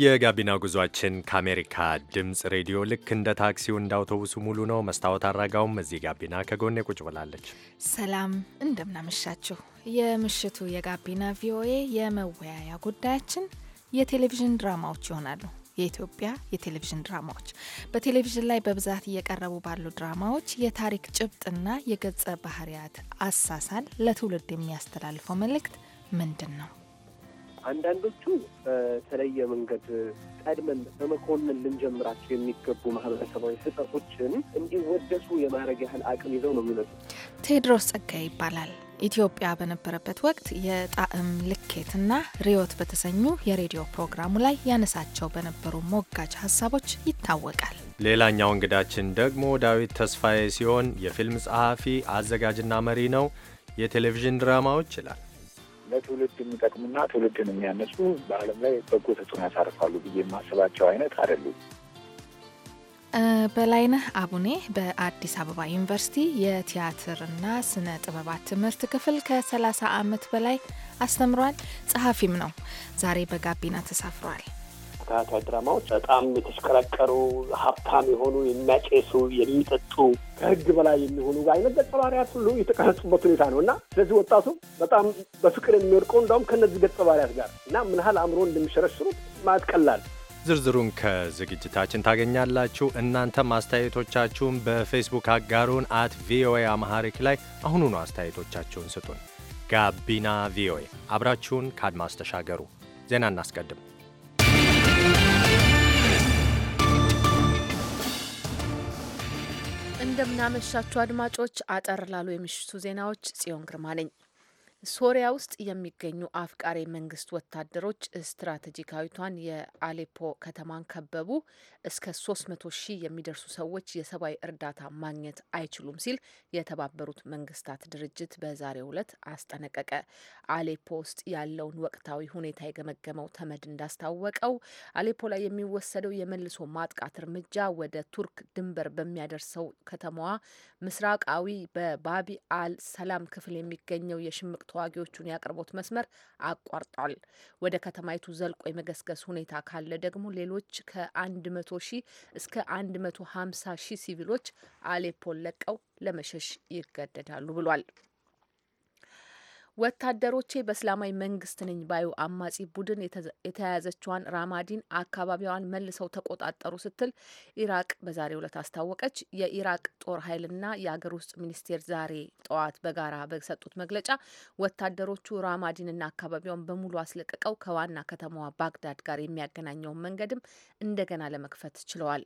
የጋቢና ጉዟችን ከአሜሪካ ድምፅ ሬዲዮ ልክ እንደ ታክሲው እንደ አውቶቡሱ ሙሉ ነው። መስታወት አድራጋውም እዚህ ጋቢና ከጎኔ ቁጭ ብላለች። ሰላም እንደምናመሻችሁ። የምሽቱ የጋቢና ቪኦኤ የመወያያ ጉዳያችን የቴሌቪዥን ድራማዎች ይሆናሉ። የኢትዮጵያ የቴሌቪዥን ድራማዎች በቴሌቪዥን ላይ በብዛት እየቀረቡ ባሉ ድራማዎች የታሪክ ጭብጥና የገጸ ባህርያት አሳሳል ለትውልድ የሚያስተላልፈው መልእክት ምንድን ነው? አንዳንዶቹ በተለየ መንገድ ቀድመን በመኮንን ልንጀምራቸው የሚገቡ ማህበረሰባዊ ስጠቶችን እንዲወደሱ የማድረግ ያህል አቅም ይዘው ነው የሚመጡት። ቴድሮስ ጸጋይ ይባላል። ኢትዮጵያ በነበረበት ወቅት የጣዕም ልኬትና ርዮት በተሰኙ የሬዲዮ ፕሮግራሙ ላይ ያነሳቸው በነበሩ ሞጋች ሀሳቦች ይታወቃል። ሌላኛው እንግዳችን ደግሞ ዳዊት ተስፋዬ ሲሆን የፊልም ጸሐፊ አዘጋጅና መሪ ነው። የቴሌቪዥን ድራማዎች ይላል ለትውልድ የሚጠቅሙና ትውልድን የሚያነሱ በዓለም ላይ በጎ ተጽዕኖ ያሳርፋሉ ብዬ የማስባቸው አይነት አይደሉም። በላይነህ አቡኔ በአዲስ አበባ ዩኒቨርሲቲ የቲያትርና ስነ ጥበባት ትምህርት ክፍል ከ30 ዓመት በላይ አስተምሯል። ጸሐፊም ነው። ዛሬ በጋቢና ተሳፍሯል። ተከታታይ ድራማዎች በጣም የተሽቀረቀሩ ሀብታም የሆኑ የሚያጨሱ፣ የሚጠጡ ከህግ በላይ የሚሆኑ አይነት ገጸ ባህሪያት ሁሉ የተቀረጹበት ሁኔታ ነው እና ስለዚህ ወጣቱ በጣም በፍቅር የሚወድቀው እንዳውም ከነዚህ ገጸ ባህሪያት ጋር እና ምን ያህል አእምሮ እንደሚሸረሽሩት ማለት ቀላል ዝርዝሩን ከዝግጅታችን ታገኛላችሁ። እናንተም አስተያየቶቻችሁን በፌስቡክ አጋሩን፣ አት ቪኦኤ አማሐሪክ ላይ አሁኑኑ አስተያየቶቻችሁን ስጡን። ጋቢና ቪኦኤ አብራችሁን ከአድማስ ተሻገሩ። ዜና እናስቀድም። እንደምናመሻችሁ አድማጮች፣ አጠር ላሉ የምሽቱ ዜናዎች ጽዮን ግርማ ነኝ። ሶሪያ ውስጥ የሚገኙ አፍቃሪ መንግስት ወታደሮች ስትራቴጂካዊቷን የአሌፖ ከተማን ከበቡ። እስከ ሶስት መቶ ሺህ የሚደርሱ ሰዎች የሰብአዊ እርዳታ ማግኘት አይችሉም ሲል የተባበሩት መንግስታት ድርጅት በዛሬው ዕለት አስጠነቀቀ። አሌፖ ውስጥ ያለውን ወቅታዊ ሁኔታ የገመገመው ተመድ እንዳስታወቀው አሌፖ ላይ የሚወሰደው የመልሶ ማጥቃት እርምጃ ወደ ቱርክ ድንበር በሚያደርሰው ከተማዋ ምስራቃዊ በባቢ አል ሰላም ክፍል የሚገኘው የሽምቅ የተዋጊዎቹን የአቅርቦት መስመር አቋርጧል። ወደ ከተማይቱ ዘልቆ የመገስገስ ሁኔታ ካለ ደግሞ ሌሎች ከ100 ሺህ እስከ 150 ሺህ ሲቪሎች አሌፖን ለቀው ለመሸሽ ይገደዳሉ ብሏል። ወታደሮቼ በእስላማዊ መንግስት ነኝ ባዩ አማጺ ቡድን የተያያዘችዋን ራማዲን አካባቢዋን መልሰው ተቆጣጠሩ ስትል ኢራቅ በዛሬው ዕለት አስታወቀች። የኢራቅ ጦር ኃይልና የአገር ውስጥ ሚኒስቴር ዛሬ ጠዋት በጋራ በሰጡት መግለጫ ወታደሮቹ ራማዲንና አካባቢዋን በሙሉ አስለቅቀው ከዋና ከተማዋ ባግዳድ ጋር የሚያገናኘውን መንገድም እንደገና ለመክፈት ችለዋል።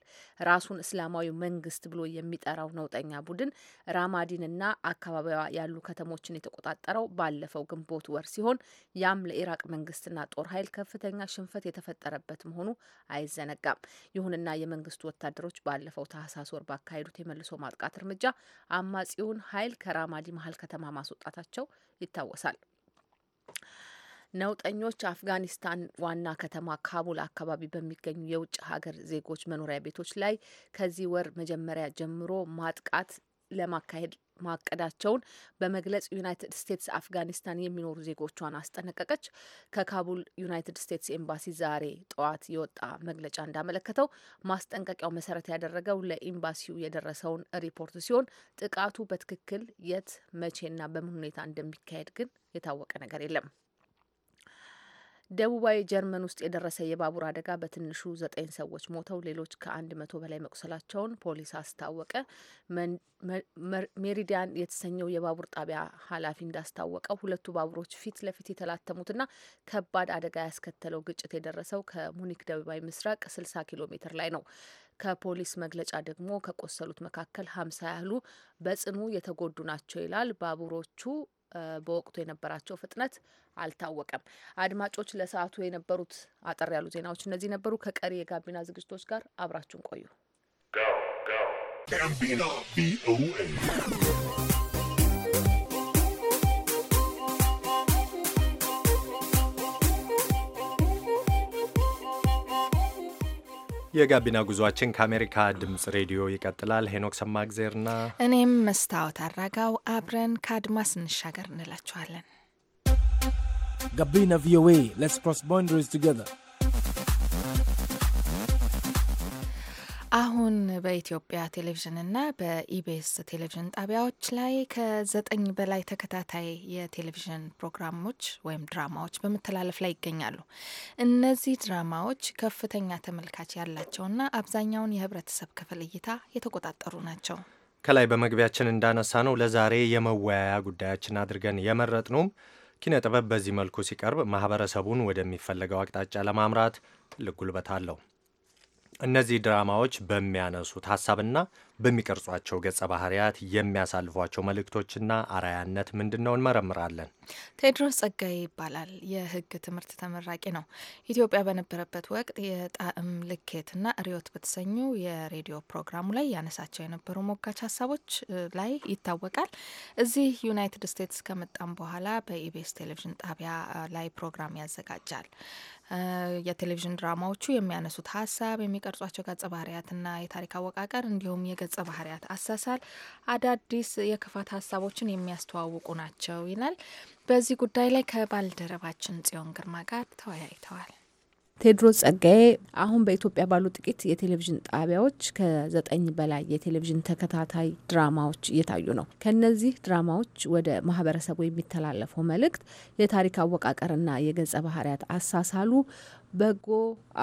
ራሱን እስላማዊ መንግስት ብሎ የሚጠራው ነውጠኛ ቡድን ራማዲንና አካባቢዋ ያሉ ከተሞችን የተቆጣጠረው ባለ ባለፈው ግንቦት ወር ሲሆን ያም ለኢራቅ መንግስትና ጦር ኃይል ከፍተኛ ሽንፈት የተፈጠረበት መሆኑ አይዘነጋም። ይሁንና የመንግስቱ ወታደሮች ባለፈው ታህሳስ ወር ባካሄዱት የመልሶ ማጥቃት እርምጃ አማጺውን ኃይል ከራማዲ መሀል ከተማ ማስወጣታቸው ይታወሳል። ነውጠኞች አፍጋኒስታን ዋና ከተማ ካቡል አካባቢ በሚገኙ የውጭ ሀገር ዜጎች መኖሪያ ቤቶች ላይ ከዚህ ወር መጀመሪያ ጀምሮ ማጥቃት ለማካሄድ ማቀዳቸውን በመግለጽ ዩናይትድ ስቴትስ አፍጋኒስታን የሚኖሩ ዜጎቿን አስጠነቀቀች። ከካቡል ዩናይትድ ስቴትስ ኤምባሲ ዛሬ ጠዋት የወጣ መግለጫ እንዳመለከተው ማስጠንቀቂያው መሰረት ያደረገው ለኤምባሲው የደረሰውን ሪፖርት ሲሆን ጥቃቱ በትክክል የት መቼና በምን ሁኔታ እንደሚካሄድ ግን የታወቀ ነገር የለም። ደቡባዊ ጀርመን ውስጥ የደረሰ የባቡር አደጋ በትንሹ ዘጠኝ ሰዎች ሞተው ሌሎች ከአንድ መቶ በላይ መቁሰላቸውን ፖሊስ አስታወቀ። ሜሪዲያን የተሰኘው የባቡር ጣቢያ ኃላፊ እንዳስታወቀው ሁለቱ ባቡሮች ፊት ለፊት የተላተሙትና ከባድ አደጋ ያስከተለው ግጭት የደረሰው ከሙኒክ ደቡባዊ ምስራቅ 60 ኪሎ ሜትር ላይ ነው። ከፖሊስ መግለጫ ደግሞ ከቆሰሉት መካከል ሀምሳ ያህሉ በጽኑ የተጎዱ ናቸው ይላል። ባቡሮቹ በወቅቱ የነበራቸው ፍጥነት አልታወቀም። አድማጮች፣ ለሰዓቱ የነበሩት አጠር ያሉ ዜናዎች እነዚህ ነበሩ። ከቀሪ የጋቢና ዝግጅቶች ጋር አብራችሁን ቆዩ። የጋቢና ጉዟችን ከአሜሪካ ድምፅ ሬዲዮ ይቀጥላል። ሄኖክ ሰማእግዜርና እኔም መስታወት አራጋው አብረን ከአድማስ እንሻገር እንላችኋለን። ጋቢና ቪኦኤ ሌትስ ክሮስ ቦንደሪስ ቱጌዘር አሁን በኢትዮጵያ ቴሌቪዥንና በኢቢኤስ ቴሌቪዥን ጣቢያዎች ላይ ከዘጠኝ በላይ ተከታታይ የቴሌቪዥን ፕሮግራሞች ወይም ድራማዎች በመተላለፍ ላይ ይገኛሉ። እነዚህ ድራማዎች ከፍተኛ ተመልካች ያላቸውና አብዛኛውን የህብረተሰብ ክፍል እይታ የተቆጣጠሩ ናቸው። ከላይ በመግቢያችን እንዳነሳ ነው ለዛሬ የመወያያ ጉዳያችን አድርገን የመረጥ ነውም ኪነ ጥበብ በዚህ መልኩ ሲቀርብ ማህበረሰቡን ወደሚፈለገው አቅጣጫ ለማምራት ትልቅ ጉልበት አለው። እነዚህ ድራማዎች በሚያነሱት ሀሳብና በሚቀርጿቸው ገጸ ባህርያት የሚያሳልፏቸው መልእክቶችና አራያነት ምንድን ነው እንመረምራለን። ቴድሮስ ጸጋዬ ይባላል። የህግ ትምህርት ተመራቂ ነው። ኢትዮጵያ በነበረበት ወቅት የጣዕም ልኬትና ሪዮት በተሰኙ የሬዲዮ ፕሮግራሙ ላይ ያነሳቸው የነበሩ ሞጋች ሀሳቦች ላይ ይታወቃል። እዚህ ዩናይትድ ስቴትስ ከመጣም በኋላ በኢቢኤስ ቴሌቪዥን ጣቢያ ላይ ፕሮግራም ያዘጋጃል። የቴሌቪዥን ድራማዎቹ የሚያነሱት ሀሳብ፣ የሚቀርጿቸው ገጸ ባህርያትና የታሪክ አወቃቀር እንዲሁም የገጸ ባህርያት አሳሳል አዳዲስ የክፋት ሀሳቦችን የሚያስተዋውቁ ናቸው ይላል። በዚህ ጉዳይ ላይ ከባልደረባችን ጽዮን ግርማ ጋር ተወያይተዋል። ቴድሮስ ጸጋዬ አሁን በኢትዮጵያ ባሉ ጥቂት የቴሌቪዥን ጣቢያዎች ከዘጠኝ በላይ የቴሌቪዥን ተከታታይ ድራማዎች እየታዩ ነው። ከነዚህ ድራማዎች ወደ ማህበረሰቡ የሚተላለፈው መልእክት፣ የታሪክ አወቃቀርና የገጸ ባህርያት አሳሳሉ በጎ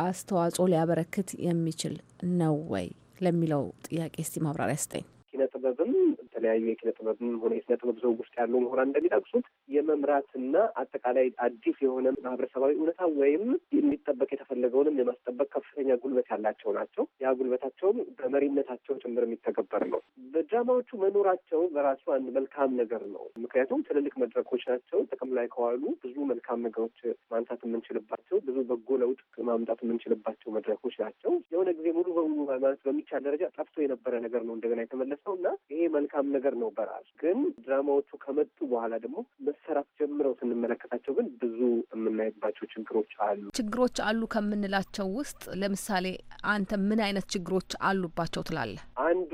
አስተዋጽኦ ሊያበረክት የሚችል ነው ወይ ለሚለው ጥያቄ እስቲ ማብራሪያ ስጠኝ። ኪነ ጥበብም የተለያዩ የኪነ ጥበብም ሆነ የስነ ጥበብ ዘውግ ውስጥ ያሉ ምሁራን እንደሚጠቅሱት የመምራትና አጠቃላይ አዲስ የሆነ ማህበረሰባዊ እውነታ ወይም የሚጠበቅ የተፈለገውንም የማስጠበቅ ከፍተኛ ጉልበት ያላቸው ናቸው። ያ ጉልበታቸውም በመሪነታቸው ጭምር የሚተገበር ነው። በድራማዎቹ መኖራቸው በራሱ አንድ መልካም ነገር ነው። ምክንያቱም ትልልቅ መድረኮች ናቸው። ጥቅም ላይ ከዋሉ ብዙ መልካም ነገሮች ማንሳት የምንችልባቸው፣ ብዙ በጎ ለውጥ ማምጣት የምንችልባቸው መድረኮች ናቸው። የሆነ ጊዜ ሙሉ በሙሉ ማለት በሚቻል ደረጃ ጠፍቶ የነበረ ነገር ነው እንደገና የተመለሰው እና ይሄ መልካም ነገር ነው በራሱ ግን ድራማዎቹ ከመጡ በኋላ ደግሞ ከመሰራት ጀምረው ስንመለከታቸው ግን ብዙ የምናይባቸው ችግሮች አሉ። ችግሮች አሉ ከምንላቸው ውስጥ ለምሳሌ አንተ ምን አይነት ችግሮች አሉባቸው ትላለህ? አንዱ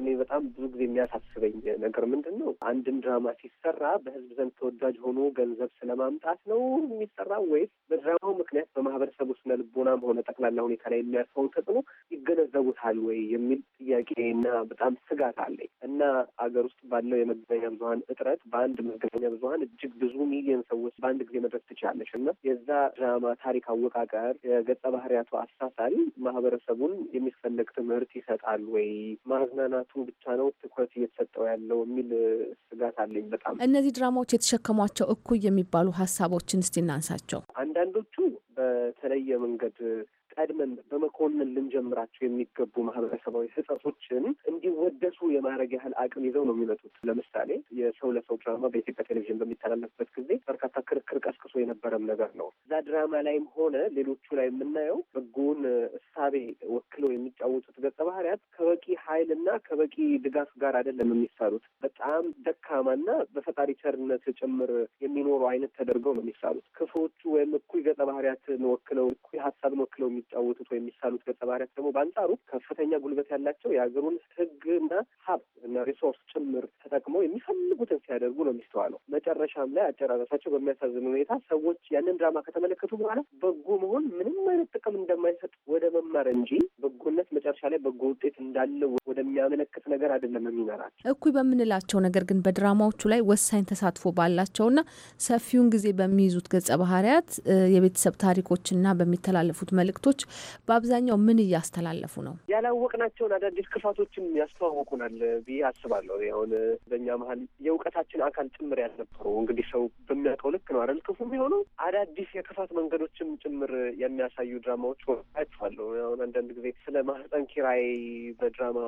እኔ በጣም ብዙ ጊዜ የሚያሳስ የሚያሳስበኝ ነገር ምንድን ነው? አንድን ድራማ ሲሰራ በህዝብ ዘንድ ተወዳጅ ሆኖ ገንዘብ ስለማምጣት ነው የሚሰራ ወይስ በድራማው ምክንያት በማህበረሰቡ ስነ ልቦናም ሆነ ጠቅላላ ሁኔታ ላይ የሚያርፈውን ተጽዕኖ ይገነዘቡታል ወይ የሚል ጥያቄ እና በጣም ስጋት አለኝ እና አገር ውስጥ ባለው የመገናኛ ብዙሀን እጥረት በአንድ መገናኛ ብዙሀን እጅግ ብዙ ሚሊዮን ሰዎች በአንድ ጊዜ መድረስ ትችላለች እና የዛ ድራማ ታሪክ አወቃቀር፣ የገጸ ባህሪያቱ አሳሳል ማህበረሰቡን የሚፈለግ ትምህርት ይሰጣል ወይ ማዝናናቱ ብቻ ነው ትኩረት እየተሰጠ እየተሰጠው ያለው የሚል ስጋት አለኝ። በጣም እነዚህ ድራማዎች የተሸከሟቸው እኩይ የሚባሉ ሀሳቦችን እስቲ እናንሳቸው። አንዳንዶቹ በተለየ መንገድ ቀድመን በመኮንን ልንጀምራቸው የሚገቡ ማህበረሰባዊ ህጸቶችን እንዲወደሱ የማድረግ ያህል አቅም ይዘው ነው የሚመጡት። ለምሳሌ የሰው ለሰው ድራማ በኢትዮጵያ ቴሌቪዥን በሚተላለፍበት ጊዜ በርካታ ክርክር ቀስቅሶ የነበረም ነገር ነው። እዛ ድራማ ላይም ሆነ ሌሎቹ ላይ የምናየው በጎን እሳቤ ወክለው የሚጫወቱት ገጸ ባህሪያት ከበቂ ኃይል እና ከበቂ ድጋፍ ጋር አይደለም የሚሳሉት። በጣም ደካማና በፈጣሪ ቸርነት ጭምር የሚኖሩ አይነት ተደርገው ነው የሚሳሉት። ክፉዎቹ ወይም እኩይ ገጸ ባህሪያትን ወክለው እኩይ ሀሳብን ወክለው የሚጫወቱት ወይም የሚሳሉት ገጸ ባህሪያት ደግሞ በአንጻሩ ከፍተኛ ጉልበት ያላቸው የሀገሩን ህግና ሀብት እና ሪሶርስ ጭምር ተጠቅመው የሚፈልጉትን ሲያደርጉ ነው የሚስተዋለው። መጨረሻም ላይ አጨራረሳቸው በሚያሳዝን ሁኔታ ሰዎች ያንን ድራማ ከተመለከቱ በኋላ በጎ መሆን ምንም አይነት ጥቅም እንደማይሰጥ ወደ መማር እንጂ በጎነት መጨረሻ ላይ በጎ ውጤት እንዳለው ወደሚያመለክት ነገር አይደለም የሚመራቸው። እኩይ በምንላቸው ነገር ግን በድራማዎቹ ላይ ወሳኝ ተሳትፎ ባላቸውና ሰፊውን ጊዜ በሚይዙት ገጸ ባህሪያት የቤተሰብ ታሪኮችና በሚተላለፉት መልእክቶች ክፋቶች በአብዛኛው ምን እያስተላለፉ ነው? ያላወቅናቸውን አዳዲስ ክፋቶችን ያስተዋወቁናል ብዬ አስባለሁ። ሁን በኛ መሀል የእውቀታችን አካል ጭምር ያልነበሩ እንግዲህ ሰው በሚያውቀው ልክ ነው አይደል ክፉ የሚሆነው አዳዲስ የክፋት መንገዶችም ጭምር የሚያሳዩ ድራማዎች አይቼዋለሁ። አሁን አንዳንድ ጊዜ ስለ ማህፀን ኪራይ በድራማ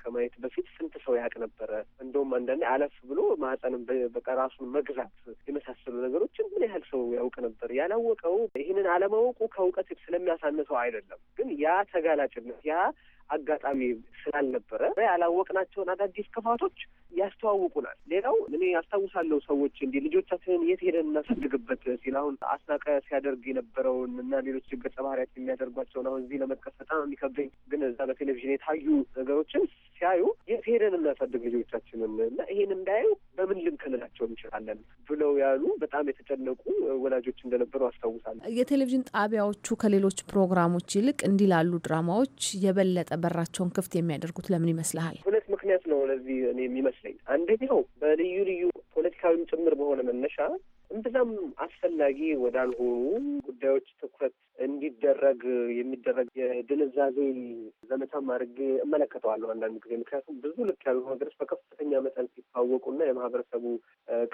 ከማየት በፊት ስንት ሰው ያውቅ ነበረ? እንደውም አንዳንዴ አለፍ ብሎ ማህፀንም በቃ ራሱን መግዛት የመሳሰሉ ነገሮችን ምን ያህል ሰው ያውቅ ነበር? ያላወቀው ይህንን አለማወቁ ከእውቀት ስለሚያሳንስ ማለት አይደለም። ግን ያ ተጋላጭነት ያ አጋጣሚ ስላልነበረ ያላወቅናቸውን አዳዲስ ክፋቶች ያስተዋውቁናል። ሌላው እኔ አስታውሳለሁ ሰዎች እንዲህ ልጆቻችንን የት ሄደን እናሳድግበት ሲል አሁን አስናቀ ሲያደርግ የነበረውን እና ሌሎች ገጸ ባህሪያት የሚያደርጓቸውን አሁን እዚህ ለመጥቀስ በጣም የሚከብደኝ ግን እዛ በቴሌቪዥን የታዩ ነገሮችን ሲያዩ የት ሄደን እናሳድግ ልጆቻችንን እና ይሄን እንዳያዩ በምን ልንከልላቸው እንችላለን ብለው ያሉ በጣም የተጨነቁ ወላጆች እንደነበሩ አስታውሳለሁ። የቴሌቪዥን ጣቢያዎቹ ከሌሎች ፕሮግራሞች ይልቅ እንዲህ ላሉ ድራማዎች የበለጠ በራቸውን ክፍት የሚያደርጉት ለምን ይመስልሃል? ሁለት ምክንያት ነው ለዚህ እኔ የሚመስለኝ። አንደኛው በልዩ ልዩ ፖለቲካዊም ጭምር በሆነ መነሻ እምብዛም አስፈላጊ ወዳልሆኑ ጉዳዮች ትኩረት እንዲደረግ የሚደረግ የድንዛዜ ዘመቻም አድርጌ እመለከተዋለሁ አንዳንድ ጊዜ። ምክንያቱም ብዙ ልክ ያሉ ነገሮች በከፍተኛ መጠን ሲታወቁና የማህበረሰቡ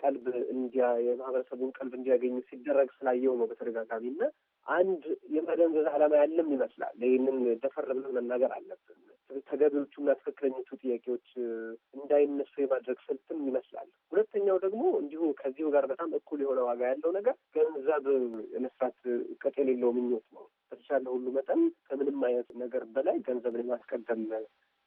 ቀልብ እንዲያ የማህበረሰቡን ቀልብ እንዲያገኙ ሲደረግ ስላየው ነው በተደጋጋሚ እና አንድ የመደንዘዝ ዓላማ ያለም ይመስላል። ይህንን ደፈር ብለን መናገር አለብን። ተገቢዎቹና ትክክለኞቹ ጥያቄዎች እንዳይነሱ የማድረግ ስልትም ይመስላል። ሁለተኛው ደግሞ እንዲሁ ከዚሁ ጋር በጣም እኩል የሆነ ዋጋ ያለው ነገር ገንዘብ የመስራት ቅጥ የሌለው ምኞት ነው። በተቻለ ሁሉ መጠን ከምንም አይነት ነገር በላይ ገንዘብን የማስቀደም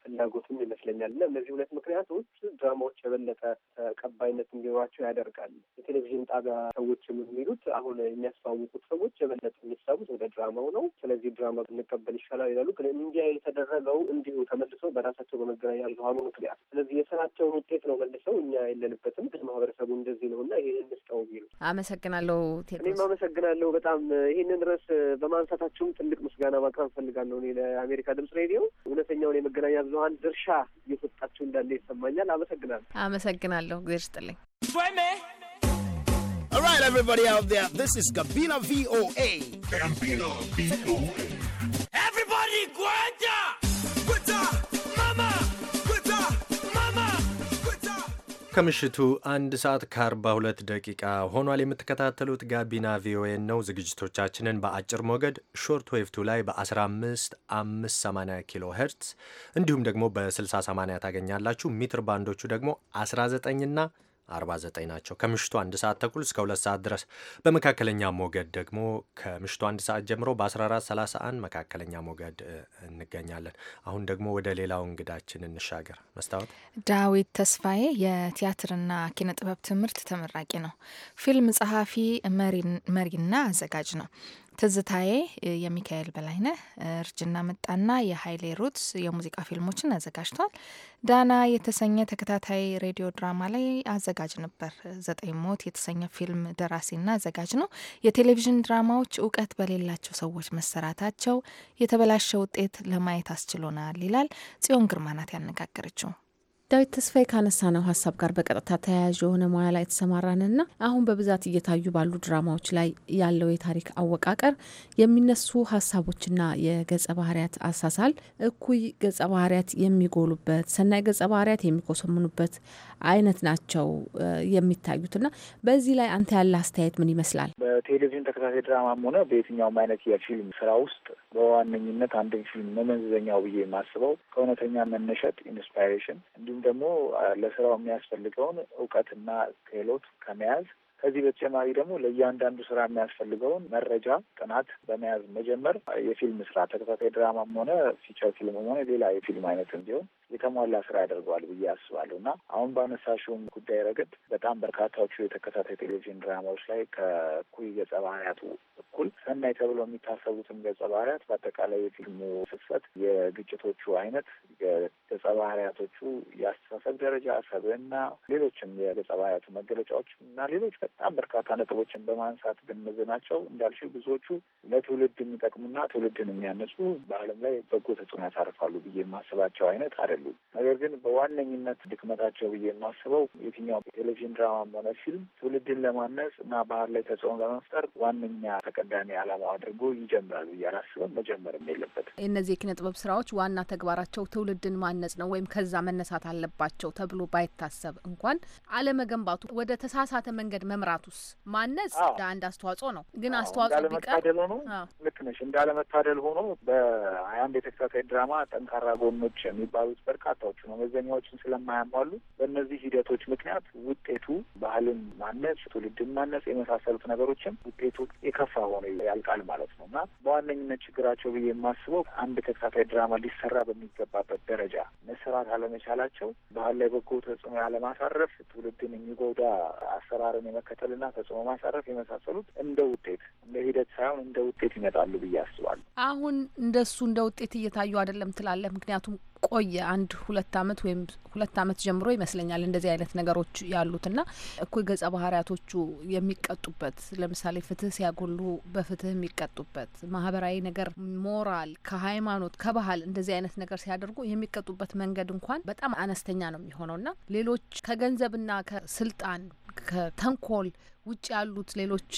ፍላጎትም ይመስለኛል እና እነዚህ ሁለት ምክንያቶች ድራማዎች የበለጠ ተቀባይነት እንዲኖራቸው ያደርጋል። የቴሌቪዥን ጣቢያ ሰዎች የሚሉት አሁን የሚያስተዋውቁት ሰዎች የበለጠ የሚሳቡት ወደ ድራማው ነው። ስለዚህ ድራማ ብንቀበል ይሻላል ይላሉ። ግን እንዲያ የተደረገው እንዲሁ ተመልሶ በራሳቸው በመገናኛ ብዙኃኑ ምክንያት ስለዚህ የስራቸውን ውጤት ነው መልሰው እኛ የለንበትም፣ ግን ማህበረሰቡ እንደዚህ ነው እና ይህን አመሰግናለሁ። እኔም አመሰግናለሁ በጣም ይህንን ርዕስ በማንሳታችሁም ትልቅ ምስጋና ማቅረብ እፈልጋለሁ እኔ ለአሜሪካ ድምጽ ሬዲዮ እውነተኛውን የመገናኛ ብዙኃን ድርሻ እየሰጣችሁ እንዳለ ይሰማኛል። አመሰግናለሁ። አመሰግናለሁ። እግዜር everybody out there, this is Gabina VOA. Gabina VOA. Everybody ከምሽቱ አንድ ሰዓት ከ42 ደቂቃ ሆኗል። የምትከታተሉት ጋቢና ቪኦኤ ነው። ዝግጅቶቻችንን በአጭር ሞገድ ሾርት ዌቭቱ ላይ በ15580 ኪሎ ሄርትስ እንዲሁም ደግሞ በ6080 ታገኛላችሁ። ሚትር ባንዶቹ ደግሞ 19 ና 49 ናቸው። ከምሽቱ አንድ ሰዓት ተኩል እስከ ሁለት ሰዓት ድረስ በመካከለኛ ሞገድ ደግሞ ከምሽቱ አንድ ሰዓት ጀምሮ በ1431 መካከለኛ ሞገድ እንገኛለን። አሁን ደግሞ ወደ ሌላው እንግዳችን እንሻገር። መስታወት ዳዊት ተስፋዬ የቲያትርና ኪነ ጥበብ ትምህርት ተመራቂ ነው። ፊልም ጸሐፊ መሪና አዘጋጅ ነው። ትዝታዬ የሚካኤል በላይነህ እርጅና መጣና የሀይሌ ሩትስ የሙዚቃ ፊልሞችን አዘጋጅቷል። ዳና የተሰኘ ተከታታይ ሬዲዮ ድራማ ላይ አዘጋጅ ነበር። ዘጠኝ ሞት የተሰኘ ፊልም ደራሲና አዘጋጅ ነው። የቴሌቪዥን ድራማዎች እውቀት በሌላቸው ሰዎች መሰራታቸው የተበላሸ ውጤት ለማየት አስችሎናል ይላል። ጽዮን ግርማናት ያነጋገረችው። ዳዊት ተስፋዬ ካነሳነው ሀሳብ ጋር በቀጥታ ተያያዥ የሆነ ሙያ ላይ የተሰማራንና አሁን በብዛት እየታዩ ባሉ ድራማዎች ላይ ያለው የታሪክ አወቃቀር፣ የሚነሱ ሀሳቦችና የገጸ ባህርያት አሳሳል እኩይ ገጸ ባህርያት የሚጎሉበት፣ ሰናይ ገጸ ባህርያት የሚኮሰምኑበት አይነት ናቸው የሚታዩትና በዚህ ላይ አንተ ያለ አስተያየት ምን ይመስላል? በቴሌቪዥን ተከታታይ ድራማም ሆነ በየትኛውም አይነት የፊልም ስራ ውስጥ በዋነኝነት አንድን ፊልም መመዘኛው ብዬ የማስበው ከእውነተኛ መነሸጥ ኢንስፓይሬሽን እንዲሁም ደግሞ ለስራው የሚያስፈልገውን እውቀትና ክህሎት ከመያዝ ከዚህ በተጨማሪ ደግሞ ለእያንዳንዱ ስራ የሚያስፈልገውን መረጃ ጥናት በመያዝ መጀመር የፊልም ስራ ተከታታይ ድራማም ሆነ ፊቸር ፊልምም ሆነ ሌላ የፊልም አይነት እንዲሆን የተሟላ ስራ ያደርገዋል ብዬ አስባለሁ እና አሁን ባነሳሽውም ጉዳይ ረገድ በጣም በርካታዎቹ የተከታታይ ቴሌቪዥን ድራማዎች ላይ ከእኩይ ገጸ ባህሪያቱ እኩል ሰናይ ተብለው የሚታሰቡትም ገጸ ባህሪያት በአጠቃላይ የፊልሙ ስሰት የግጭቶቹ አይነት፣ ገጸ ባህሪያቶቹ የአስተሳሰብ ደረጃ፣ ሰብዕና፣ ሌሎችም የገጸ ባህሪያቱ መገለጫዎች እና ሌሎች በጣም በርካታ ነጥቦችን በማንሳት ብንመዝናቸው እንዳልሽ ብዙዎቹ ለትውልድ የሚጠቅሙና ትውልድን የሚያነጹ በዓለም ላይ በጎ ተጽዕኖ ያሳርፋሉ ብዬ የማስባቸው አይነት አይደሉም። ነገር ግን በዋነኝነት ድክመታቸው ብዬ የማስበው የትኛው ቴሌቪዥን ድራማም ሆነ ፊልም ትውልድን ለማነጽ እና ባህል ላይ ተጽዕኖ ለመፍጠር ዋነኛ ተቀዳሚ ዓላማ አድርጎ ይጀምራል ብዬ አላስብም። መጀመርም የለበትም። እነዚህ የኪነ ጥበብ ስራዎች ዋና ተግባራቸው ትውልድን ማነ ማነጽ ነው ወይም ከዛ መነሳት አለባቸው ተብሎ ባይታሰብ እንኳን አለመገንባቱ ወደ ተሳሳተ መንገድ መምራቱስ ማነጽ አንድ አስተዋጽኦ ነው። ግን አስተዋጽኦ ቢቀር ሆኖ ልክ ነሽ። እንዳለመታደል ሆኖ በሀያ የተከታታይ ድራማ ጠንካራ ጎኖች የሚባሉት በርካታዎቹ ነው። መዘኛዎችን ስለማያሟሉ በእነዚህ ሂደቶች ምክንያት ውጤቱ ባህልን ማነጽ፣ ትውልድን ማነጽ የመሳሰሉት ነገሮችም ውጤቱ የከፋ ሆኖ ያልቃል ማለት ነው እና በዋነኝነት ችግራቸው ብዬ የማስበው አንድ ተከታታይ ድራማ ሊሰራ በሚገባበት ደረጃ መሰራት አለመቻላቸው ባህል ላይ በጎ ተጽዕኖ ያለማሳረፍ፣ ትውልድን የሚጎዳ አሰራርን የመከተልና ተጽዕኖ ማሳረፍ የመሳሰሉት እንደ ውጤት እንደ ሂደት ሳይሆን እንደ ውጤት ይመጣሉ ብዬ አስባለሁ። አሁን እንደሱ እንደ ውጤት እየታዩ አይደለም ትላለህ። ምክንያቱም ቆየ አንድ ሁለት አመት ወይም ሁለት አመት ጀምሮ ይመስለኛል እንደዚህ አይነት ነገሮች ያሉትና እኩይ ገጸ ባህሪያቶቹ የሚቀጡበት ለምሳሌ ፍትህ ሲያጎሉ በፍትህ የሚቀጡበት ማህበራዊ ነገር ሞራል ከሃይማኖት ከባህል እንደዚህ አይነት ነገር ሲያደርጉ የሚቀጡበት መንገድ እንኳን በጣም አነስተኛ ነው የሚሆነውና ሌሎች ከገንዘብና ከስልጣን ከተንኮል ውጭ ያሉት ሌሎች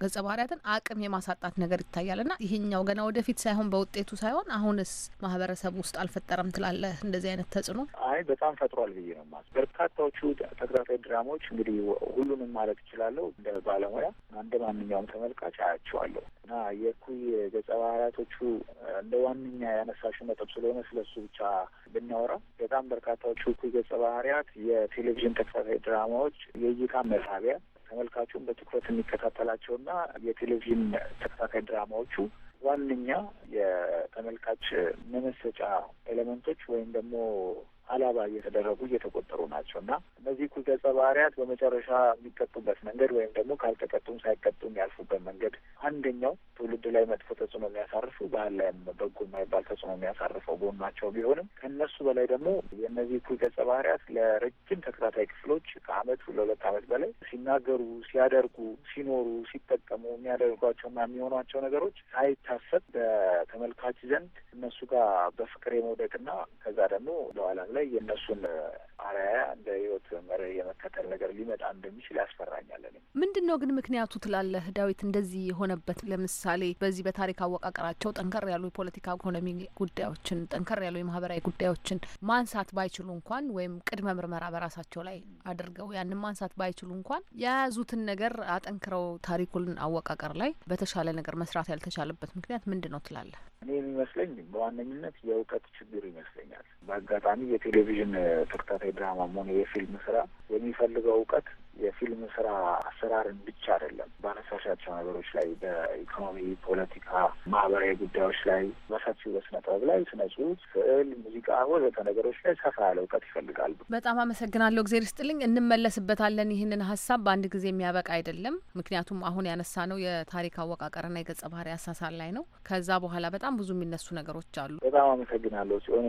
ገጸ ባህሪያትን አቅም የማሳጣት ነገር ይታያል ና ይሄኛው ገና ወደፊት ሳይሆን በውጤቱ ሳይሆን አሁንስ ማህበረሰብ ውስጥ አልፈጠረም ትላለህ? እንደዚህ አይነት ተጽዕኖ አይ በጣም ፈጥሯል ብዬ ነው ማለት። በርካታዎቹ ተከታታይ ድራማዎች እንግዲህ ሁሉንም ማለት እችላለሁ እንደ ባለሙያ እንደ ማንኛውም ተመልካች አያቸዋለሁ እና የኩይ ገጸ ባህሪያቶቹ እንደ ዋነኛ ያነሳሽ መጠብ ስለሆነ ስለሱ ብቻ ብናወራ በጣም በርካታዎቹ እኩይ ገጸ ባህሪያት የቴሌቪዥን ተከታታይ ድራማዎች የእይታ መሳቢያ ተመልካቹም በትኩረት የሚከታተላቸውና የቴሌቪዥን ተከታታይ ድራማዎቹ ዋነኛ የተመልካች መመሰጫ ኤሌመንቶች ወይም ደግሞ አላባ እየተደረጉ እየተቆጠሩ ናቸው እና እነዚህ ኩልተጸ ባህሪያት በመጨረሻ የሚቀጡበት መንገድ ወይም ደግሞ ካልተቀጡም ሳይቀጡም ያልፉበት መንገድ አንደኛው ትውልድ ላይ መጥፎ ተጽዕኖ የሚያሳርፉ ባህል ላይ በጎ የማይባል ተጽዕኖ የሚያሳርፈው ጎናቸው ቢሆንም ከእነሱ በላይ ደግሞ የእነዚህ ኩልተጸ ባህሪያት ለረጅም ተከታታይ ክፍሎች ከአመት ለሁለት አመት በላይ ሲናገሩ፣ ሲያደርጉ፣ ሲኖሩ፣ ሲጠቀሙ የሚያደርጓቸውና የሚሆኗቸው ነገሮች ሳይታሰብ በተመልካች ዘንድ እነሱ ጋር በፍቅር የመውደቅና ከዛ ደግሞ ለኋላ ላይ የእነሱን እንደ ህይወት መር የመከተል ነገር ሊመጣ እንደሚችል ያስፈራኛል። እኔ ምንድን ነው ግን ምክንያቱ ትላለህ ዳዊት? እንደዚህ የሆነበት ለምሳሌ በዚህ በታሪክ አወቃቀራቸው ጠንከር ያሉ የፖለቲካ ኢኮኖሚ ጉዳዮችን፣ ጠንከር ያሉ የማህበራዊ ጉዳዮችን ማንሳት ባይችሉ እንኳን ወይም ቅድመ ምርመራ በራሳቸው ላይ አድርገው ያንን ማንሳት ባይችሉ እንኳን የያዙትን ነገር አጠንክረው ታሪኩን አወቃቀር ላይ በተሻለ ነገር መስራት ያልተቻለበት ምክንያት ምንድን ነው ትላለህ? እኔ የሚመስለኝ በዋነኝነት የእውቀት ችግር ይመስለኛል። በአጋጣሚ የቴሌቪዥን ተከታታይ ድራማም ሆነ የፊልም ስራ የሚፈልገው እውቀት የፊልም ስራ አሰራርን ብቻ አይደለም ባነሳሻቸው ነገሮች ላይ በኢኮኖሚ፣ ፖለቲካ፣ ማህበራዊ ጉዳዮች ላይ በሰፊው በስነ ጥበብ ላይ ስነ ጽሁፍ፣ ስዕል፣ ሙዚቃ ወዘተ ነገሮች ላይ ሰፋ ያለ እውቀት ይፈልጋሉ። በጣም አመሰግናለሁ። እግዜር ይስጥልኝ። እንመለስበታለን። ይህንን ሀሳብ በአንድ ጊዜ የሚያበቃ አይደለም። ምክንያቱም አሁን ያነሳ ነው የታሪክ አወቃቀርና የገጸ ባህሪ አሳሳል ላይ ነው። ከዛ በኋላ በጣም ብዙ የሚነሱ ነገሮች አሉ። በጣም አመሰግናለሁ ሲሆን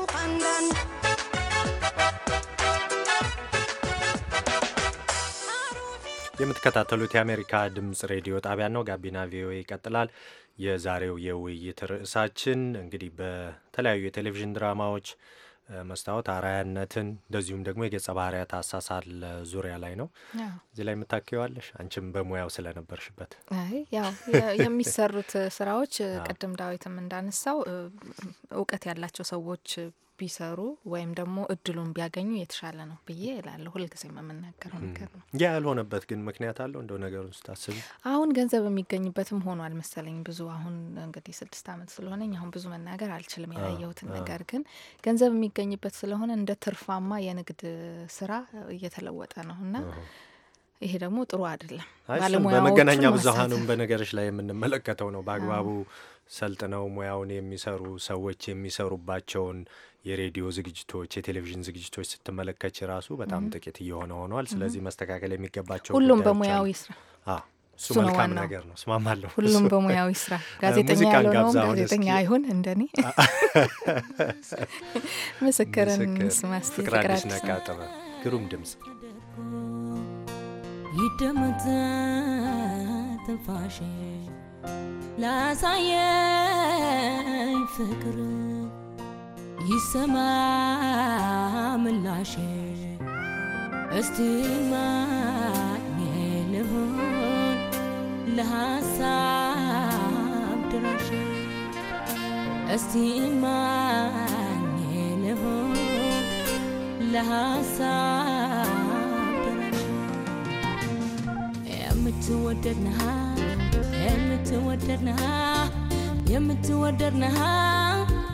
የምትከታተሉት የአሜሪካ ድምፅ ሬዲዮ ጣቢያ ነው። ጋቢና ቪኦኤ ይቀጥላል። የዛሬው የውይይት ርዕሳችን እንግዲህ በተለያዩ የቴሌቪዥን ድራማዎች መስታወት አራያነትን እንደዚሁም ደግሞ የገጸ ባህርያት አሳሳል ዙሪያ ላይ ነው። እዚህ ላይ የምታከዋለሽ አንቺም በሙያው ስለነበርሽበት። ያው የሚሰሩት ስራዎች ቅድም ዳዊትም እንዳነሳው እውቀት ያላቸው ሰዎች ቢሰሩ ወይም ደግሞ እድሉን ቢያገኙ የተሻለ ነው ብዬ እላለሁ። ሁልጊዜ የምናገረው ነገር ነው። ያ ያልሆነበት ግን ምክንያት አለው እንደው ነገሩን ስታስብ አሁን ገንዘብ የሚገኝበትም ሆኖ አልመሰለኝ ብዙ አሁን እንግዲህ ስድስት ዓመት ስለሆነኝ አሁን ብዙ መናገር አልችልም የላየሁትን ነገር ግን ገንዘብ የሚገኝበት ስለሆነ እንደ ትርፋማ የንግድ ስራ እየተለወጠ ነው እና ይሄ ደግሞ ጥሩ አይደለም። በመገናኛ ብዙሀኑም በነገሮች ላይ የምንመለከተው ነው። በአግባቡ ሰልጥነው ሙያውን የሚሰሩ ሰዎች የሚሰሩባቸውን የሬዲዮ ዝግጅቶች፣ የቴሌቪዥን ዝግጅቶች ስትመለከች ራሱ በጣም ጥቂት እየሆነ ሆኗል። ስለዚህ መስተካከል የሚገባቸው ሁሉም በሙያዊ ስራ እሱ መልካም ነገር ነው። እስማማለሁ። ሁሉም በሙያዊ ስራ ጋዜጠኛ ያልሆነውም ጋዜጠኛ አይሁን። እንደኔ ምስክርን ስማስ ፍቅር አዲስ ግሩም ድምፅ ይደመጥ ትንፋሽ ላሳየኝ ፍቅር ይሰማ ምላሽ እስቲ ማን ልሆን ለሐሳብ ድራሽ እስቲ ማን ልሆን ለሐሳብ ድራሽ የምትወደድነሃ የምትወደድነሃ የምትወደድነሃ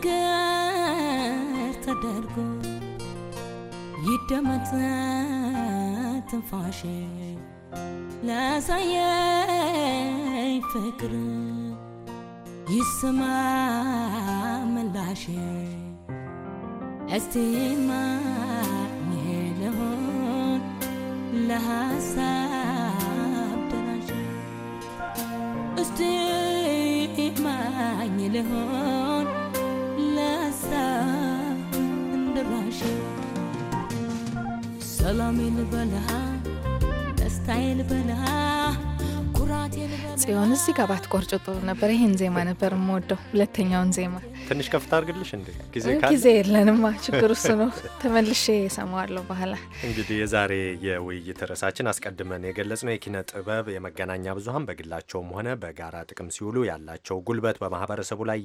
ነገር ተደርጎ ይደመጥ ትንፋሽ ላሳየኝ ፍቅር ይስማ ምላሽ እስቲማ ልሆን ለሀሳብ ደራሽ እስቲ ማኝ ጽዮን እዚህ ጋር ባትቆርጭ ጥሩ ነበር። ይህን ዜማ ነበር የምወደው። ሁለተኛውን ዜማ ትንሽ ከፍታ አድርግልሽ እንዴ? ጊዜ የለንማ። ችግር እሱ ነው። ተመልሼ እሰማዋለሁ በኋላ። እንግዲህ የዛሬ የውይይት ርዕሳችን አስቀድመን የገለጽ ነው የኪነ ጥበብ የመገናኛ ብዙኃን በግላቸውም ሆነ በጋራ ጥቅም ሲውሉ ያላቸው ጉልበት፣ በማህበረሰቡ ላይ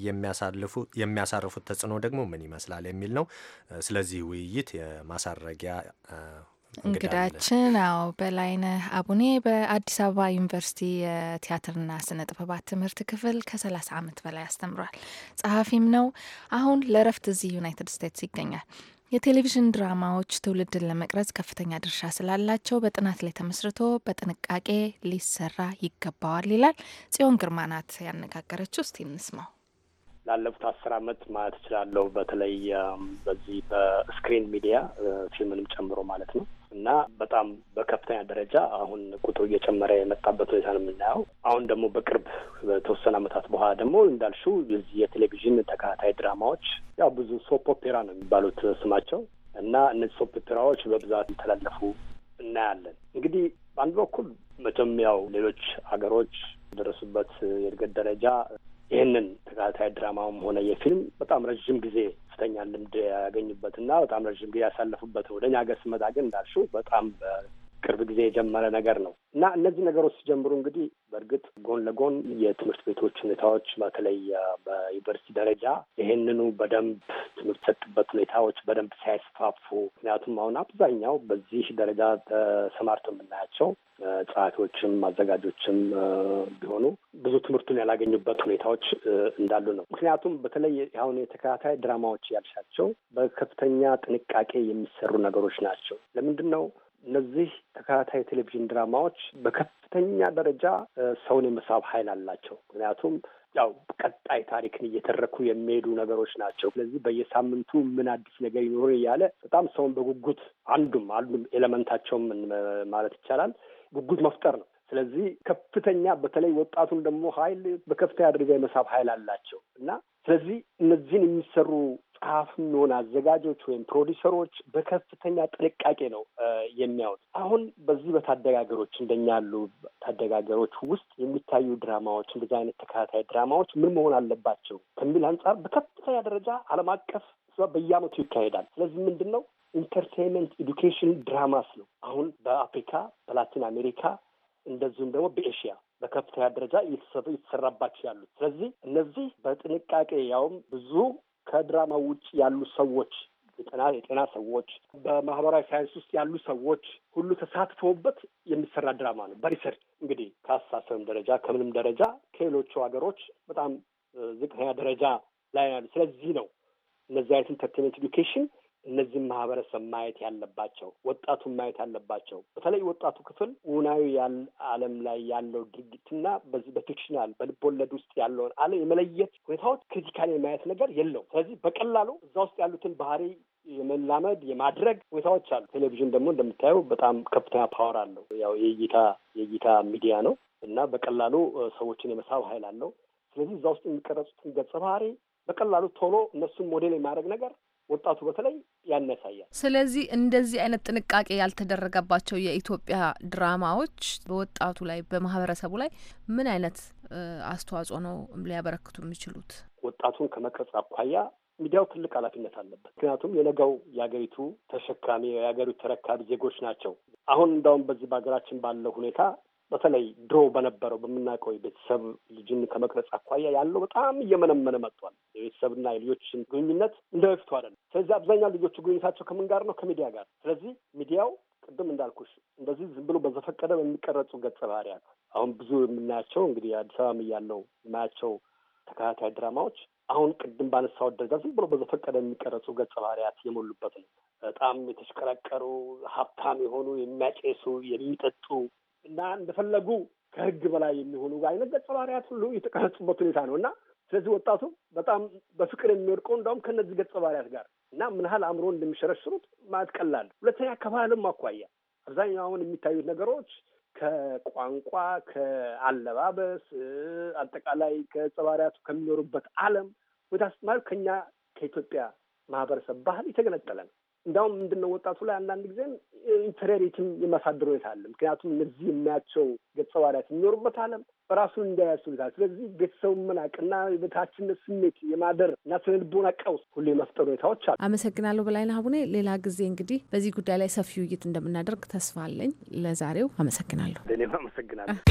የሚያሳርፉት ተጽዕኖ ደግሞ ምን ይመስላል የሚል ነው። ስለዚህ ውይይት የማሳረጊያ እንግዳችን አዎ በላይነ አቡኔ በአዲስ አበባ ዩኒቨርሲቲ የቲያትርና ስነ ጥበባት ትምህርት ክፍል ከሰላሳ ዓመት በላይ አስተምሯል። ጸሐፊም ነው። አሁን ለረፍት እዚህ ዩናይትድ ስቴትስ ይገኛል። የቴሌቪዥን ድራማዎች ትውልድን ለመቅረጽ ከፍተኛ ድርሻ ስላላቸው በጥናት ላይ ተመስርቶ በጥንቃቄ ሊሰራ ይገባዋል ይላል። ጽዮን ግርማ ናት ያነጋገረችው። እስቲ እንስማው። ላለፉት አስር አመት ማለት እችላለሁ። በተለይ በዚህ በስክሪን ሚዲያ ፊልምንም ጨምሮ ማለት ነው እና በጣም በከፍተኛ ደረጃ አሁን ቁጥሩ እየጨመረ የመጣበት ሁኔታ ነው የምናየው። አሁን ደግሞ በቅርብ በተወሰነ አመታት በኋላ ደግሞ እንዳልሹ የዚህ የቴሌቪዥን ተከታታይ ድራማዎች ያው ብዙ ሶፕ ኦፔራ ነው የሚባሉት ስማቸው እና እነዚህ ሶፕ ኦፔራዎች በብዛት የተላለፉ እናያለን። እንግዲህ በአንድ በኩል መቼም ያው ሌሎች ሀገሮች የደረሱበት የእድገት ደረጃ ይህንን ተከታታይ ድራማውም ሆነ የፊልም በጣም ረዥም ጊዜ ከፍተኛ ልምድ ያገኙበትና በጣም ረዥም ጊዜ ያሳለፉበት ወደ እኛ ሀገር ስመጣ ግን እንዳልሽው በጣም ቅርብ ጊዜ የጀመረ ነገር ነው እና እነዚህ ነገሮች ሲጀምሩ እንግዲህ በእርግጥ ጎን ለጎን የትምህርት ቤቶች ሁኔታዎች በተለይ በዩኒቨርሲቲ ደረጃ ይህንኑ በደንብ ትምህርት ሰጥበት ሁኔታዎች በደንብ ሳይስፋፉ ምክንያቱም አሁን አብዛኛው በዚህ ደረጃ ተሰማርተው የምናያቸው ጸሐፊዎችም አዘጋጆችም ቢሆኑ ብዙ ትምህርቱን ያላገኙበት ሁኔታዎች እንዳሉ ነው። ምክንያቱም በተለይ አሁን የተከታታይ ድራማዎች ያልሻቸው በከፍተኛ ጥንቃቄ የሚሰሩ ነገሮች ናቸው። ለምንድን ነው እነዚህ ተከታታይ ቴሌቪዥን ድራማዎች በከፍተኛ ደረጃ ሰውን የመሳብ ኃይል አላቸው። ምክንያቱም ያው ቀጣይ ታሪክን እየተረኩ የሚሄዱ ነገሮች ናቸው። ስለዚህ በየሳምንቱ ምን አዲስ ነገር ይኖሩ እያለ በጣም ሰውን በጉጉት አንዱም አንዱም ኤለመንታቸውም ማለት ይቻላል ጉጉት መፍጠር ነው። ስለዚህ ከፍተኛ በተለይ ወጣቱን ደግሞ ኃይል በከፍተኛ ደረጃ የመሳብ ኃይል አላቸው እና ስለዚህ እነዚህን የሚሰሩ ጸሐፍም ሆነ አዘጋጆች ወይም ፕሮዲሰሮች በከፍተኛ ጥንቃቄ ነው የሚያወጡ። አሁን በዚህ በታደጋገሮች እንደኛ ያሉ ታደጋገሮች ውስጥ የሚታዩ ድራማዎች እንደዚህ አይነት ተከታታይ ድራማዎች ምን መሆን አለባቸው ከሚል አንጻር በከፍተኛ ደረጃ ዓለም አቀፍ በየዓመቱ ይካሄዳል። ስለዚህ ምንድን ነው ኢንተርቴንመንት ኤዱኬሽን ድራማስ ነው አሁን በአፍሪካ በላቲን አሜሪካ እንደዚሁም ደግሞ በኤሽያ በከፍተኛ ደረጃ እየተሰራባቸው ያሉት። ስለዚህ እነዚህ በጥንቃቄ ያውም ብዙ ከድራማ ውጭ ያሉ ሰዎች የጤና የጤና ሰዎች በማህበራዊ ሳይንስ ውስጥ ያሉ ሰዎች ሁሉ ተሳትፎበት የሚሰራ ድራማ ነው። በሪሰርች እንግዲህ ከአስተሳሰብም ደረጃ ከምንም ደረጃ ከሌሎቹ ሀገሮች በጣም ዝቅተኛ ደረጃ ላይ ያሉ። ስለዚህ ነው እነዚህ አይነት ኢንተርቴንመንት ኤዱኬሽን እነዚህም ማህበረሰብ ማየት ያለባቸው ወጣቱን ማየት ያለባቸው በተለይ ወጣቱ ክፍል ውናዊ ዓለም ላይ ያለው ድርጊትና በዚህ በፊክሽናል በልቦለድ ውስጥ ያለውን ዓለም የመለየት ሁኔታዎች ክሪቲካል የማየት ነገር የለው። ስለዚህ በቀላሉ እዛ ውስጥ ያሉትን ባህሪ የመላመድ የማድረግ ሁኔታዎች አሉ። ቴሌቪዥን ደግሞ እንደምታየው በጣም ከፍተኛ ፓወር አለው። ያው የእይታ የእይታ ሚዲያ ነው እና በቀላሉ ሰዎችን የመሳብ ኃይል አለው። ስለዚህ እዛ ውስጥ የሚቀረጹትን ገጸ ባህሪ በቀላሉ ቶሎ እነሱን ሞዴል የማድረግ ነገር ወጣቱ በተለይ ያነሳያል። ስለዚህ እንደዚህ አይነት ጥንቃቄ ያልተደረገባቸው የኢትዮጵያ ድራማዎች በወጣቱ ላይ በማህበረሰቡ ላይ ምን አይነት አስተዋጽኦ ነው ሊያበረክቱ የሚችሉት? ወጣቱን ከመቅረጽ አኳያ ሚዲያው ትልቅ ኃላፊነት አለበት። ምክንያቱም የነገው የሀገሪቱ ተሸካሚ የሀገሪቱ ተረካቢ ዜጎች ናቸው። አሁን እንዳውም በዚህ በሀገራችን ባለው ሁኔታ በተለይ ድሮ በነበረው በምናውቀው የቤተሰብ ልጅን ከመቅረጽ አኳያ ያለው በጣም እየመነመነ መጥቷል። የቤተሰብና የልጆችን ግንኙነት እንደ በፊቱ አይደለም። ስለዚህ አብዛኛው ልጆቹ ግንኙነታቸው ከምን ጋር ነው? ከሚዲያ ጋር። ስለዚህ ሚዲያው ቅድም እንዳልኩሽ እንደዚህ ዝም ብሎ በዘፈቀደ በሚቀረጹ ገጸ ባህሪያት አሁን ብዙ የምናያቸው እንግዲህ አዲስ አበባም እያለው የማያቸው ተከታታይ ድራማዎች አሁን ቅድም ባነሳው ደረጃ ዝም ብሎ በዘፈቀደ የሚቀረጹ ገጸ ባህሪያት የሞሉበት ነው። በጣም የተሽቀረቀሩ ሀብታም የሆኑ የሚያጨሱ የሚጠጡ እና እንደፈለጉ ከህግ በላይ የሚሆኑ አይነት ገጸ ባህሪያት ሁሉ የተቀረጹበት ሁኔታ ነው እና ስለዚህ ወጣቱ በጣም በፍቅር የሚወድቀው እንዳውም ከእነዚህ ገጸ ባህሪያት ጋር እና ምን ያህል አእምሮ እንደሚሸረሽሩት ማለት ቀላል። ሁለተኛ ከባህልም አኳያ አብዛኛው አሁን የሚታዩት ነገሮች ከቋንቋ፣ ከአለባበስ፣ አጠቃላይ ከገጸ ባህሪያቱ ከሚኖሩበት ዓለም ወዳስ ማለት ከኛ ከኢትዮጵያ ማህበረሰብ ባህል የተገነጠለ ነው። እንዲሁም ምንድን ነው ወጣቱ ላይ አንዳንድ ጊዜም ኢንፌሪዮሪቲን የማሳደር ሁኔታ አለ። ምክንያቱም እነዚህ የሚያቸው ገጸ ባህሪያት የሚኖሩበት ዓለም ራሱን ሁኔታ ስለዚህ ቤተሰቡ መናቅና የበታችነት ስሜት የማደር እና ስነ ልቦና ቀውስ ሁሉ የመፍጠር ሁኔታዎች አሉ። አመሰግናለሁ። በላይነህ አቡኔ፣ ሌላ ጊዜ እንግዲህ በዚህ ጉዳይ ላይ ሰፊ ውይይት እንደምናደርግ ተስፋ አለኝ። ለዛሬው አመሰግናለሁ። እኔም አመሰግናለሁ።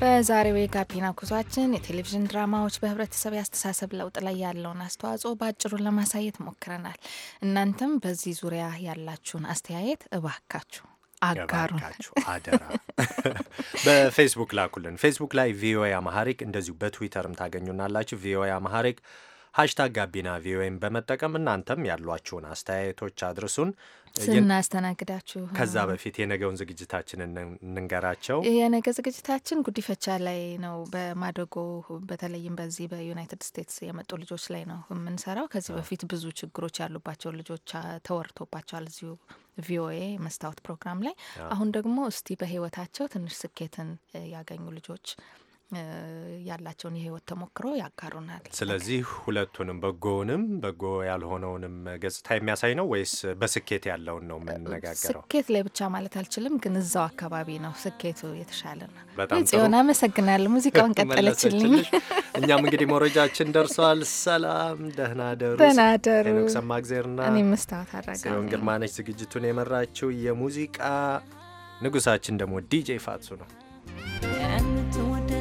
በዛሬው የጋቢና ጉዟችን የቴሌቪዥን ድራማዎች በህብረተሰብ የአስተሳሰብ ለውጥ ላይ ያለውን አስተዋጽኦ በአጭሩ ለማሳየት ሞክረናል። እናንተም በዚህ ዙሪያ ያላችሁን አስተያየት እባካችሁ አጋሩናችሁ አደራ። በፌስቡክ ላኩልን። ፌስቡክ ላይ ቪኦኤ አማሐሪክ እንደዚሁ በትዊተርም ታገኙናላችሁ። ቪኦኤ አማሐሪክ ሀሽታግ ጋቢና ቪኦኤን በመጠቀም እናንተም ያሏችሁን አስተያየቶች አድርሱን። ስናስተናግዳችሁ ከዛ በፊት የነገውን ዝግጅታችንን እንንገራቸው። የነገ ዝግጅታችን ጉዲፈቻ ላይ ነው። በማደጎ በተለይም በዚህ በዩናይትድ ስቴትስ የመጡ ልጆች ላይ ነው የምንሰራው። ከዚህ በፊት ብዙ ችግሮች ያሉባቸው ልጆች ተወርቶባቸዋል እዚሁ ቪኦኤ መስታወት ፕሮግራም ላይ። አሁን ደግሞ እስቲ በህይወታቸው ትንሽ ስኬትን ያገኙ ልጆች ያላቸውን የህይወት ተሞክሮ ያጋሩናል። ስለዚህ ሁለቱንም በጎውንም በጎ ያልሆነውንም ገጽታ የሚያሳይ ነው ወይስ በስኬት ያለውን ነው የምንነጋገረው? ስኬት ላይ ብቻ ማለት አልችልም፣ ግን እዛው አካባቢ ነው ስኬቱ የተሻለ ነው። በጣም ጽዮን አመሰግናለሁ። ሙዚቃውን ቀጠለችልኝ። እኛም እንግዲህ መረጃችን ደርሷል። ሰላም፣ ደህና ደሩ። ደህና ደሩ። ሄኖክ ሰማእግዜርና እኔ መስታወት አረጋ ጽዮን ግርማነች ዝግጅቱን የመራችው የሙዚቃ ንጉሳችን ደግሞ ዲጄ ፋሱ ነው።